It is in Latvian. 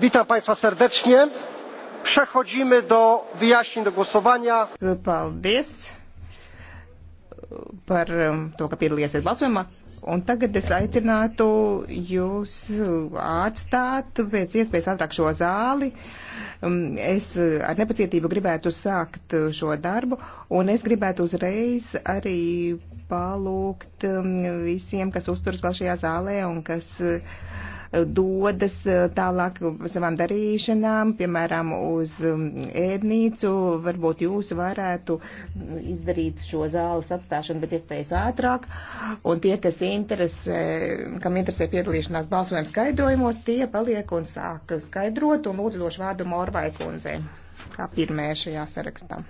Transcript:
witam państwa serdecznie przechodzimy do wyjaśnień do głosowania paldies par um, to ka piedalījāties balsojumā un tagad es aicinātu jūs atstāt pēc iespējas ātrāk šo zāli um, es uh, ar nepacietību gribētu sākt uh, šo darbu un es gribētu uzreiz arī palūgt um, visiem kas uzturas vēl šajā zālē un kas uh, dodas eh, tālāk savām darīšanām, piemēram, uz mm, ēdnīcu. Varbūt jūs varētu mm, izdarīt šo zāles atstāšanu pēc iespējas ātrāk. Un tie, kas interesē, kam interesē piedalīšanās balsojuma skaidrojumos, tie paliek un sāk skaidrot un lūdzu došu vārdu Morvai kundzei kā pirmajai šajā sarakstā.